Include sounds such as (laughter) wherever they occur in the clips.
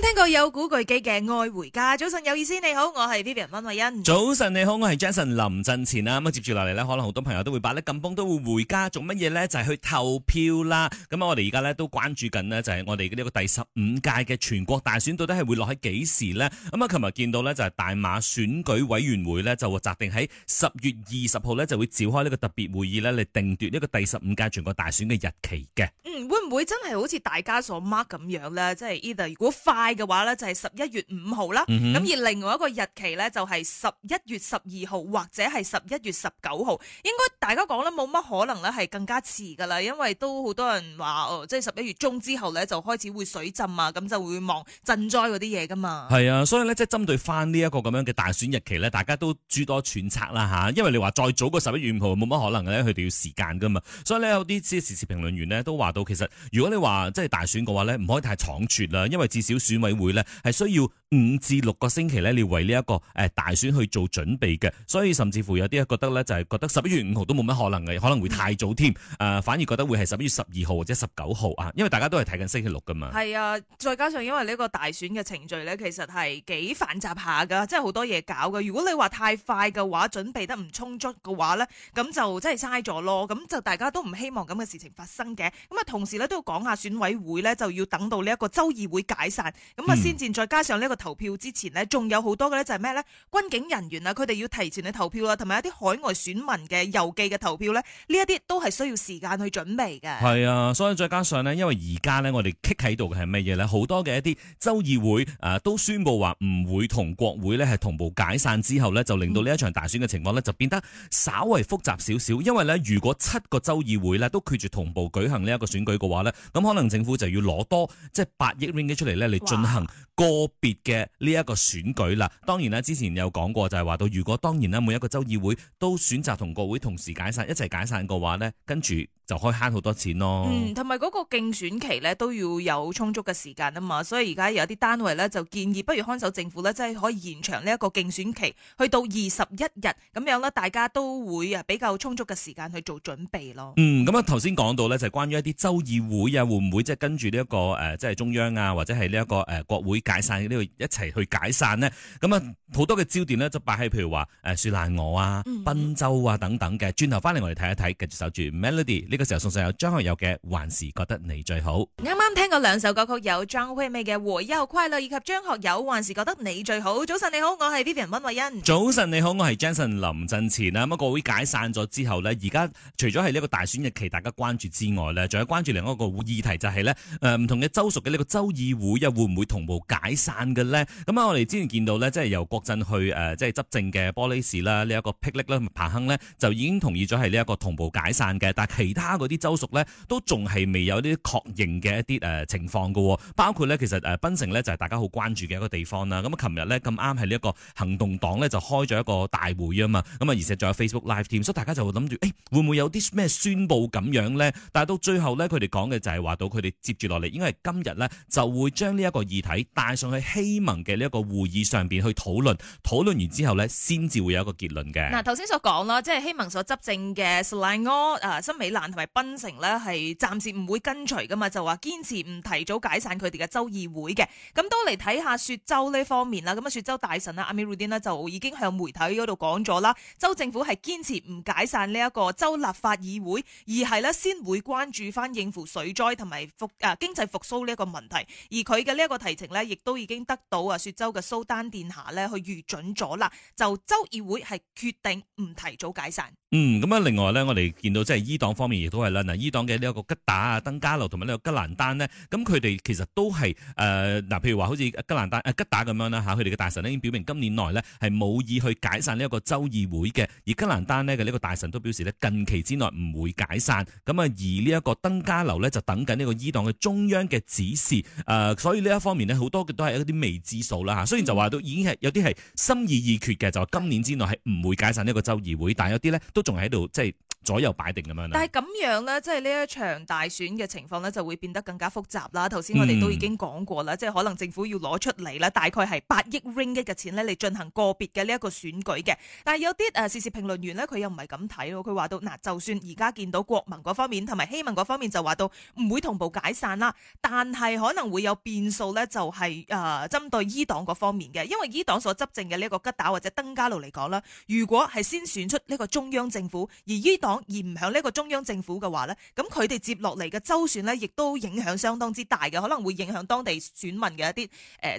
聽過有古巨基嘅《愛回家》？早晨有意思，你好，我係 Vivian 溫慧欣。早晨你好，我係 Jason 林振前，咁啊、嗯，接住落嚟呢，可能好多朋友都會把「呢咁風，都會回家做乜嘢呢？就係、是、去投票啦。咁啊，我哋而家呢都關注緊呢，就係我哋呢個第十五屆嘅全國大選，到底係會落喺幾時呢？咁啊，琴日見到呢，就係大馬選舉委員會呢，就會擇定喺十月二十號呢，就會召開呢個特別會議呢，嚟定奪呢個第十五屆全國大選嘅日期嘅。嗯，會唔會真係好似大家所 mark 咁樣呢？即係，如果嘅話咧，就係十一月五號啦，咁、嗯、哼而另外一個日期咧就係十一月十二號或者係十一月十九號，應該大家講咧冇乜可能咧係更加遲噶啦，因為都好多人話哦，即係十一月中之後咧就開始會水浸啊，咁就會望賑災嗰啲嘢噶嘛。係啊，所以咧即係針對翻呢一個咁樣嘅大選日期咧，大家都諸多揣測啦吓，因為你話再早過十一月五號冇乜可能嘅，佢哋要時間噶嘛。所以咧有啲即時事評論員咧都話到，其實如果你話即係大選嘅話咧，唔可以太倉促啦，因為至少選。選委會咧係需要五至六個星期咧，你要為呢一個誒大選去做準備嘅，所以甚至乎有啲覺得咧，就係覺得十一月五號都冇乜可能嘅，可能會太早添，誒反而覺得會係十一月十二號或者十九號啊，因為大家都係睇緊星期六噶嘛。係啊，再加上因為呢個大選嘅程序咧，其實係幾繁雜下噶，即係好多嘢搞噶。如果你話太快嘅話，準備得唔充足嘅話咧，咁就真係嘥咗咯。咁就大家都唔希望咁嘅事情發生嘅。咁啊，同時咧都要講下選委會咧，就要等到呢一個州議會解散。咁啊，先至再加上呢個投票之前呢，仲有好多嘅咧就係咩呢？軍警人員啊，佢哋要提前去投票啊，同埋一啲海外選民嘅郵寄嘅投票呢。呢一啲都係需要時間去準備嘅。係啊，所以再加上呢，因為而家呢，我哋棘喺度嘅係咩嘢呢？好多嘅一啲州議會、啊、都宣布話唔會同國會呢係同步解散之後呢，就令到呢一場大選嘅情況呢就變得稍為複雜少少。因為呢，如果七個州議會呢都拒絕同步舉行呢一個選舉嘅話呢，咁可能政府就要攞多即係八億蚊嘅出嚟呢。進行個別嘅呢一個選舉啦。當然啦，之前有講過，就係話到，如果當然啦，每一個州議會都選擇同國會同時解散，一齊解散嘅話呢，跟住，就可以慳好多錢咯。嗯，同埋嗰個競選期咧都要有充足嘅時間啊嘛，所以而家有啲單位咧就建議，不如看守政府咧，即係可以延長呢一個競選期，去到二十一日咁樣咧，大家都會啊比較充足嘅時間去做準備咯。嗯，咁啊頭先講到咧就係關於一啲州議會啊，會唔會即係跟住呢一個誒、呃，即係中央啊，或者係呢一個誒、呃、國會解散呢個、嗯、一齊去解散呢？咁啊好多嘅焦點咧就擺喺譬如話誒雪蘭莪啊、賓州啊等等嘅。轉頭翻嚟我哋睇一睇，繼續守住 Melody。呢個時候送上有張學友嘅《還是覺得你最好》。啱啱聽過兩首歌曲，有張惠妹嘅《和憂快律》以及張學友《還是覺得你最好》。早晨你好，我係 Vivian 温慧欣。早晨你好，我係 Jensen 林振前啦。國會解散咗之後呢，而家除咗係呢一個大選日期大家關注之外呢，仲有關注另外一個議題就係呢誒唔同嘅州屬嘅呢個州議會啊，會唔會，會同步解散嘅呢？咁啊，我哋之前見到呢，即係由國陣去誒、呃、即係執政嘅玻璃市啦，呢、這、一個霹靂啦、彭亨呢，就已經同意咗係呢一個同步解散嘅，但其他。加嗰啲州屬咧，都仲係未有啲確認嘅一啲誒情況喎、哦，包括咧其實誒檳城咧就係、是、大家好關注嘅一個地方啦。咁、嗯、啊，琴日咧咁啱喺呢一個行動黨咧就開咗一個大會啊嘛，咁啊而且仲有 Facebook Live 添，所以大家就會諗住誒會唔會有啲咩宣佈咁樣咧？但係到最後咧，佢哋講嘅就係話到佢哋接住落嚟應該係今日咧就會將呢一個議題帶上去希盟嘅呢一個會議上面去討論，討論完之後咧先至會有一個結論嘅。嗱頭先所講啦，即係希盟所執政嘅雪蘭莪啊森美蘭。同埋檳城呢係暫時唔會跟隨噶嘛？就話堅持唔提早解散佢哋嘅州議會嘅。咁都嚟睇下雪州呢方面啦。咁啊，雪州大臣啊，阿米魯丁呢，就已經向媒體嗰度講咗啦。州政府係堅持唔解散呢一個州立法議會，而係呢先會關注翻應付水災同埋復誒經濟復甦呢一個問題。而佢嘅呢一個提呈呢，亦都已經得到啊雪州嘅蘇丹殿下呢去御准咗啦。就州議會係決定唔提早解散。嗯，咁啊，另外呢，我哋見到即係伊黨方面。亦都係啦，嗱，伊黨嘅呢一個吉打啊、登加流同埋呢個吉蘭丹呢，咁佢哋其實都係誒，嗱、呃，譬如話好似吉蘭丹、吉打咁樣啦嚇，佢哋嘅大臣已經表明今年內呢係冇意去解散呢一個州議會嘅，而吉蘭丹呢嘅呢個大臣都表示咧近期之內唔會解散，咁啊，而呢一個登加流呢，就等緊呢個伊黨嘅中央嘅指示，誒、呃，所以呢一方面呢，好多嘅都係一啲未知數啦嚇，雖然就話都已經係有啲係心意已決嘅，就今年之內係唔會解散呢個州議會，但有啲呢都仲喺度即係。左右擺定咁樣。但係咁樣呢，即係呢一場大選嘅情況呢，就會變得更加複雜啦。頭先我哋都已經講過啦，嗯、即係可能政府要攞出嚟啦，大概係八億 ringgit 嘅錢呢嚟進行個別嘅呢一個選舉嘅。但係有啲誒時事評論員呢，佢又唔係咁睇咯。佢話到嗱，就算而家見到國盟嗰方面同埋希盟嗰方面，方面就話到唔會同步解散啦，但係可能會有變數呢，就係誒針對伊黨嗰方面嘅，因為伊黨所執政嘅呢一個吉打或者登嘉樓嚟講啦，如果係先選出呢個中央政府，而伊黨而唔向呢個中央政府嘅話咧，咁佢哋接落嚟嘅周選呢，亦都影響相當之大嘅，可能會影響當地選民嘅一啲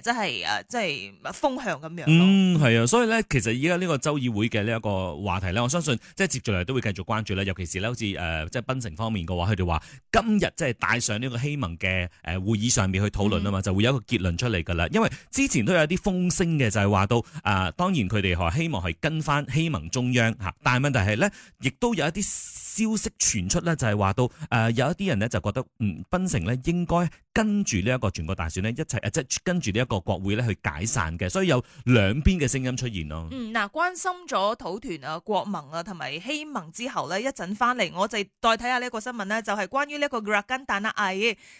誒，即係啊，即係風向咁樣。嗯，係啊，所以咧，其實而家呢個州議會嘅呢一個話題咧，我相信即係接住嚟都會繼續關注啦。尤其是咧，好似誒，即係檳城方面嘅話，佢哋話今日即係帶上呢個希盟嘅誒會議上面去討論啊嘛，嗯、就會有一個結論出嚟噶啦。因為之前都有啲風聲嘅，就係話到啊，當然佢哋係希望係跟翻希盟中央吓，但係問題係咧，亦都有一啲。消息傳出咧，就係、是、話到，誒、呃、有一啲人咧就覺得，嗯，檳城咧應該。跟住呢一個全國大選呢，一齊即係跟住呢一個國會咧去解散嘅，所以有兩邊嘅聲音出現咯。嗯，嗱，關心咗土團啊、國盟啊同埋希盟之後呢，一陣翻嚟，我哋再睇下呢一個新聞呢，就係、是、關於呢一個格根達那艾，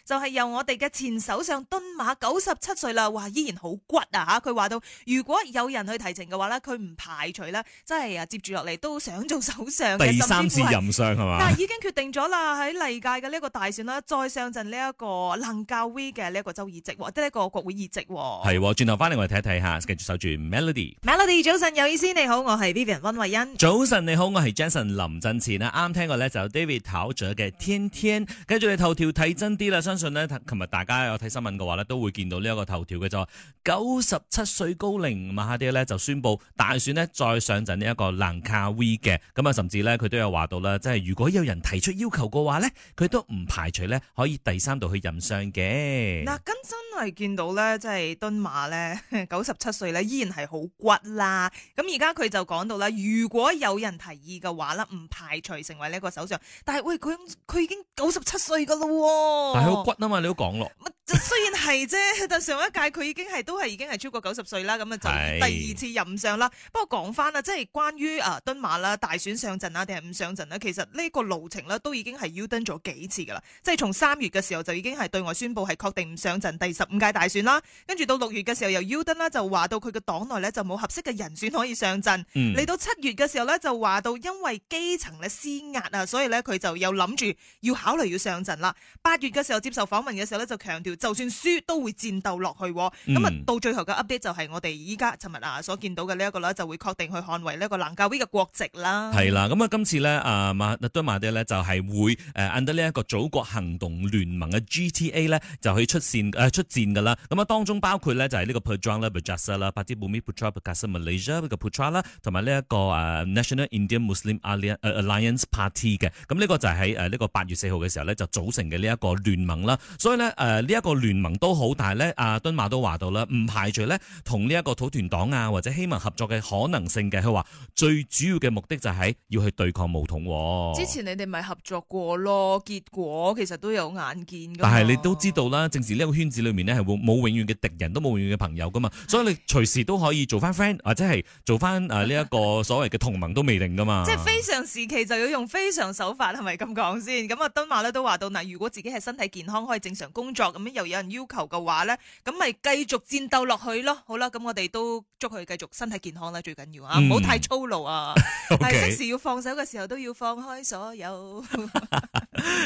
就係由我哋嘅前首相敦馬九十七歲啦，話依然好骨啊嚇，佢話到如果有人去提請嘅話呢，佢唔排除呢，真係啊接住落嚟都想做首相，第三次任相係嘛？吧但係已經決定咗啦，喺嚟屆嘅呢一個大選啦，再上陣呢一個能。教 V 嘅呢一個州議席，或者一個國會議席。哦，係轉頭翻嚟我哋睇一睇吓，繼續守住 Melody。Melody 早晨，有意思你好，我係 Vivian 溫慧欣。早晨你好，我係 Jason 林振前啊！啱聽過咧就是 David Tao 著嘅《天天》，跟住你頭條睇真啲啦，相信呢，琴日大家有睇新聞嘅話咧，都會見到呢一個頭條嘅就九十七歲高齡，慢爹咧就宣布大選呢，再上陣呢一個南卡 V 嘅，咁啊甚至呢，佢都有話到啦，即係如果有人提出要求嘅話呢，佢都唔排除呢可以第三度去任上。嘅嗱，更 Yeah. 真係見到咧，即、就、係、是、敦馬咧九十七歲咧，依然係好骨啦。咁而家佢就講到啦，如果有人提議嘅話咧，唔排除成為呢一個首相。但係喂，佢佢已經九十七歲噶啦喎。但係好骨啊嘛，你都講落。雖雖然係啫， (laughs) 但係上一屆佢已經係都係已經係超過九十歲啦。咁啊就第二次任上啦。是不過講翻啦，即係關於啊，敦馬啦，大選上陣啊，定係唔上陣啦，其實呢個路程咧都已經係 U 登咗幾次噶啦。即、就、係、是、從三月嘅時候就已經係對外宣。宣布係確定唔上陣第十五屆大選啦，跟住到六月嘅時候，由 Uden 啦就話到佢嘅黨內咧就冇合適嘅人選可以上陣。嚟、嗯、到七月嘅時候咧就話到，因為基層嘅施壓啊，所以咧佢就又諗住要考慮要上陣啦。八月嘅時候接受訪問嘅時候咧就強調，就算輸都會戰鬥落去。咁啊、嗯、到最後嘅 update 就係我哋依家尋日啊所見到嘅呢一個啦，就會確定去捍衛呢一個南教區嘅國席啦。係啦，咁啊今次咧啊馬德多馬爹咧就係會誒、呃、under 呢一個祖國行動聯盟嘅 GTA 咧。就可以出戰誒、呃、出戰噶啦，咁啊當中包括咧就係呢個 p u t r a 啦 b a j a s 啦，Bumi p u t r a b a k a s Malaysia 嘅 p u t r a 啦，同埋呢一個誒 National Indian Muslim Alliance Party 嘅，咁、嗯、呢、這個就喺誒呢個八月四號嘅時候咧就組成嘅呢一個聯盟啦，所以咧誒呢一個聯盟都好，大呢。咧阿敦馬都話到啦，唔排除咧同呢一個土團黨啊或者希望合作嘅可能性嘅，佢話最主要嘅目的就係要去對抗巫統喎、哦。之前你哋咪合作過咯，結果其實都有眼見噶。但係你都，知道啦，正是呢一個圈子裏面咧，係冇永遠嘅敵人，都冇永遠嘅朋友噶嘛。所以你隨時都可以做翻 friend，或者係做翻誒呢一個所謂嘅同盟都未定噶嘛。即係非常時期就要用非常手法，係咪咁講先？咁啊，敦馬咧都話到嗱，如果自己係身體健康，可以正常工作，咁樣又有人要求嘅話咧，咁咪繼續戰鬥落去咯。好啦，咁我哋都祝佢繼續身體健康啦，最緊要啊，唔好太操勞啊，係適時要放手嘅時候都要放開所有。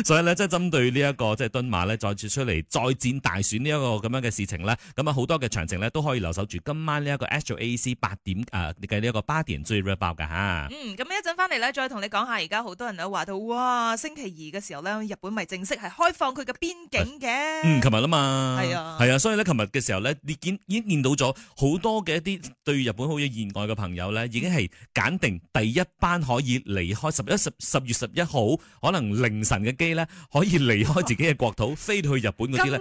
所以咧，即係針對呢一個即係敦馬咧，再次出。出嚟再戰大選呢一個咁樣嘅事情咧，咁啊好多嘅詳情咧都可以留守住今晚呢一個 Astro AC 八點誒嘅呢一個八點最 wrap up 嘅嗯，咁一陣翻嚟咧，再同你講下而家好多人都話到，哇星期二嘅時候咧，日本咪正式係開放佢嘅邊境嘅。嗯，琴日啊嘛。係啊。係啊，所以咧，琴日嘅時候咧，你見已經見到咗好多嘅一啲對日本好有意外嘅朋友咧，已經係揀定第一班可以離開十一十十月十一號可能凌晨嘅機咧，可以離開自己嘅國土飛去 (laughs) 本嗰啲咧，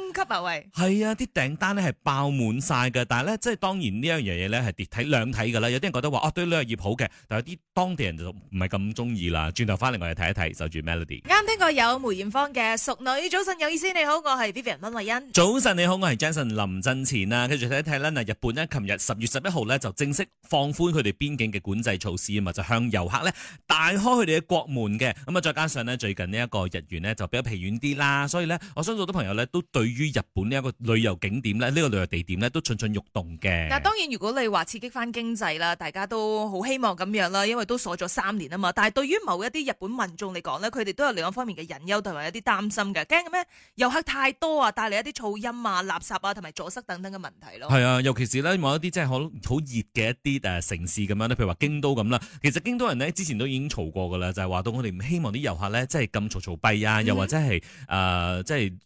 係啊，啲訂單咧係爆滿晒㗎。但係咧，即係當然呢樣嘢嘢咧係跌睇兩睇㗎啦。有啲人覺得話，哦、啊，對旅遊業好嘅，但有啲當地人就唔係咁中意啦。轉頭翻嚟，我哋睇一睇，守住 Melody。啱聽過有梅艷芳嘅《熟女》，早晨有意思，你好，我係 Vivian 溫慧欣。早晨你好，我係 Jason 林振前啊，跟住睇一睇啦，嗱，日本呢，琴日十月十一號呢就正式放寬佢哋邊境嘅管制措施啊嘛，就向遊客呢大開佢哋嘅國門嘅。咁啊，再加上呢，最近呢一個日元呢就比較疲軟啲啦，所以呢，我想好多朋友。都對於日本呢一個旅遊景點咧，呢、呢個旅遊地點咧都蠢蠢欲動嘅。嗱，當然如果你話刺激翻經濟啦，大家都好希望咁樣啦，因為都鎖咗三年啊嘛。但係對於某一啲日本民眾嚟講呢，佢哋都有兩方面嘅隱憂同埋一啲擔心嘅，驚嘅咩遊客太多啊，帶嚟一啲噪音啊、垃圾啊同埋阻塞等等嘅問題咯。係啊，尤其是呢某一啲即係好好熱嘅一啲誒城市咁樣，譬如話京都咁啦。其實京都人呢之前都已經嘈過噶啦，就係話到我哋唔希望啲遊客呢即係咁嘈嘈閉啊，又或者係誒即係。嗯哼呃就係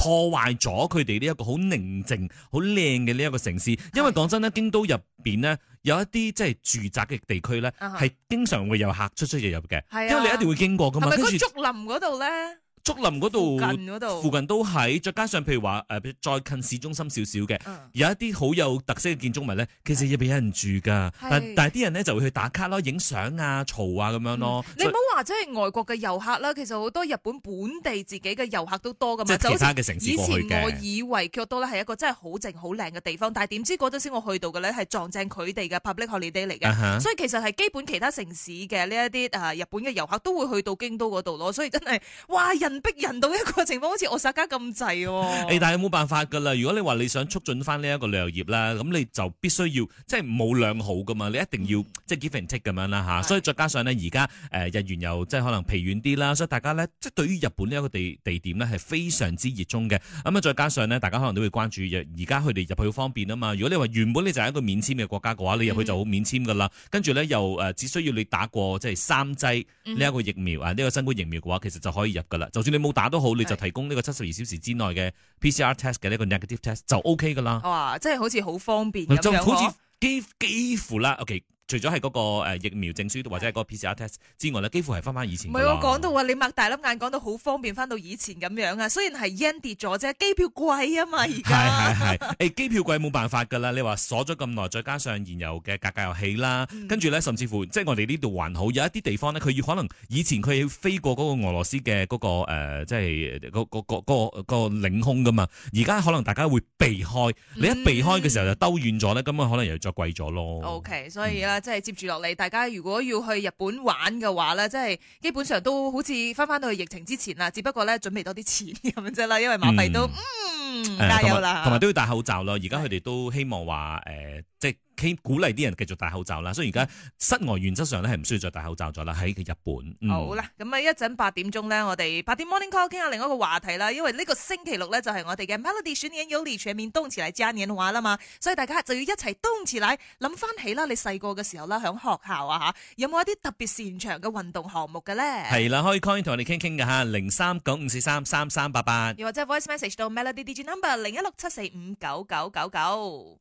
破壞咗佢哋呢一個好寧靜、好靚嘅呢一個城市，因為講真咧，京都入面咧有一啲即係住宅嘅地區咧，係經常會有客出出入入嘅，啊、因為你一定會經過㗎嘛。係咪嗰竹林嗰度咧？竹林嗰度，附近都喺，再加上譬如話，誒、呃，再近市中心少少嘅，嗯、有一啲好有特色嘅建築物咧，其實入邊有人住㗎是。但但係啲人咧就會去打卡咯，影相啊、嘈啊咁樣咯。嗯、以你唔好話，即係外國嘅遊客啦，其實好多日本本地自己嘅遊客都多噶嘛。其他嘅城市過去嘅。以前我以為京都咧係一個真係好靜好靚嘅地方，但係點知嗰陣時我去到嘅咧係撞正佢哋嘅 public holiday 嚟嘅，嗯、所以其實係基本其他城市嘅呢一啲日本嘅遊客都會去到京都嗰度咯。所以真係。哇逼人到一個情況，好似我曬家咁滯喎。但係冇辦法㗎啦。如果你話你想促進翻呢一個旅遊業啦，咁你就必須要即係冇兩好噶嘛。你一定要即係 give and take 咁樣啦嚇。所以再加上呢，而家、呃、日元又即係可能疲軟啲啦，所以大家呢，即係對於日本呢一個地地點呢，係非常之熱衷嘅。咁啊，再加上呢，大家可能都會關注而家佢哋入去好方便啊嘛。如果你話原本你就係一個免簽嘅國家嘅話，你入去就好免簽㗎啦。跟住、嗯、呢，又只需要你打過即係三劑呢一個疫苗、嗯、哼啊，呢、呢個新冠疫苗嘅話，其實就可以入㗎啦。就算你冇打都好，你就提供呢個七十二小時之內嘅 PCR test 嘅呢個 negative test 就 OK 㗎啦。哇！即係好似好方便咁樣，好似幾幾乎啦樣。OK。除咗係嗰個疫苗證書或者係嗰個 PCR test 之外呢幾乎係翻翻以前。唔係我講到話你擘大粒眼講到好方便，翻到以前咁樣啊！雖然係因跌咗啫，機票貴啊嘛而家。係係係誒機票貴冇辦法㗎啦！你話鎖咗咁耐，再加上燃油嘅價格又起啦，跟住咧甚至乎即係我哋呢度還好，有一啲地方呢，佢要可能以前佢要飛過嗰個俄羅斯嘅嗰個誒，即係個個個個個領空㗎嘛。而家可能大家會避開，你一避開嘅時候就兜遠咗呢，咁啊可能又再貴咗咯。OK，所以咧。.即係接住落嚟，大家如果要去日本玩嘅話咧，即係基本上都好似翻翻到去疫情之前啦，只不過咧準備多啲錢咁樣啫啦，因為馬幣都嗯，嗯加油啦同埋都要戴口罩咯。而家佢哋都希望話誒、呃，即係。佢鼓勵啲人繼續戴口罩啦，所以而家室外原則上咧係唔需要再戴口罩咗啦。喺日本，嗯、好啦，咁啊一陣八點鐘咧，我哋八點 morning call 傾下另一個話題啦，因為呢個星期六咧就係我哋嘅 melody 選演 yoli 全面冬至奶嘉年華啦嘛，所以大家就要一齊冬至奶，諗翻起啦，你細個嘅時候啦，喺學校啊嚇，有冇一啲特別擅長嘅運動項目嘅咧？係啦，可以 call 同我哋傾傾嘅嚇，零三九五四三三三八八，又或者 voice message 到 melody DJ number 零一六七四五九九九九。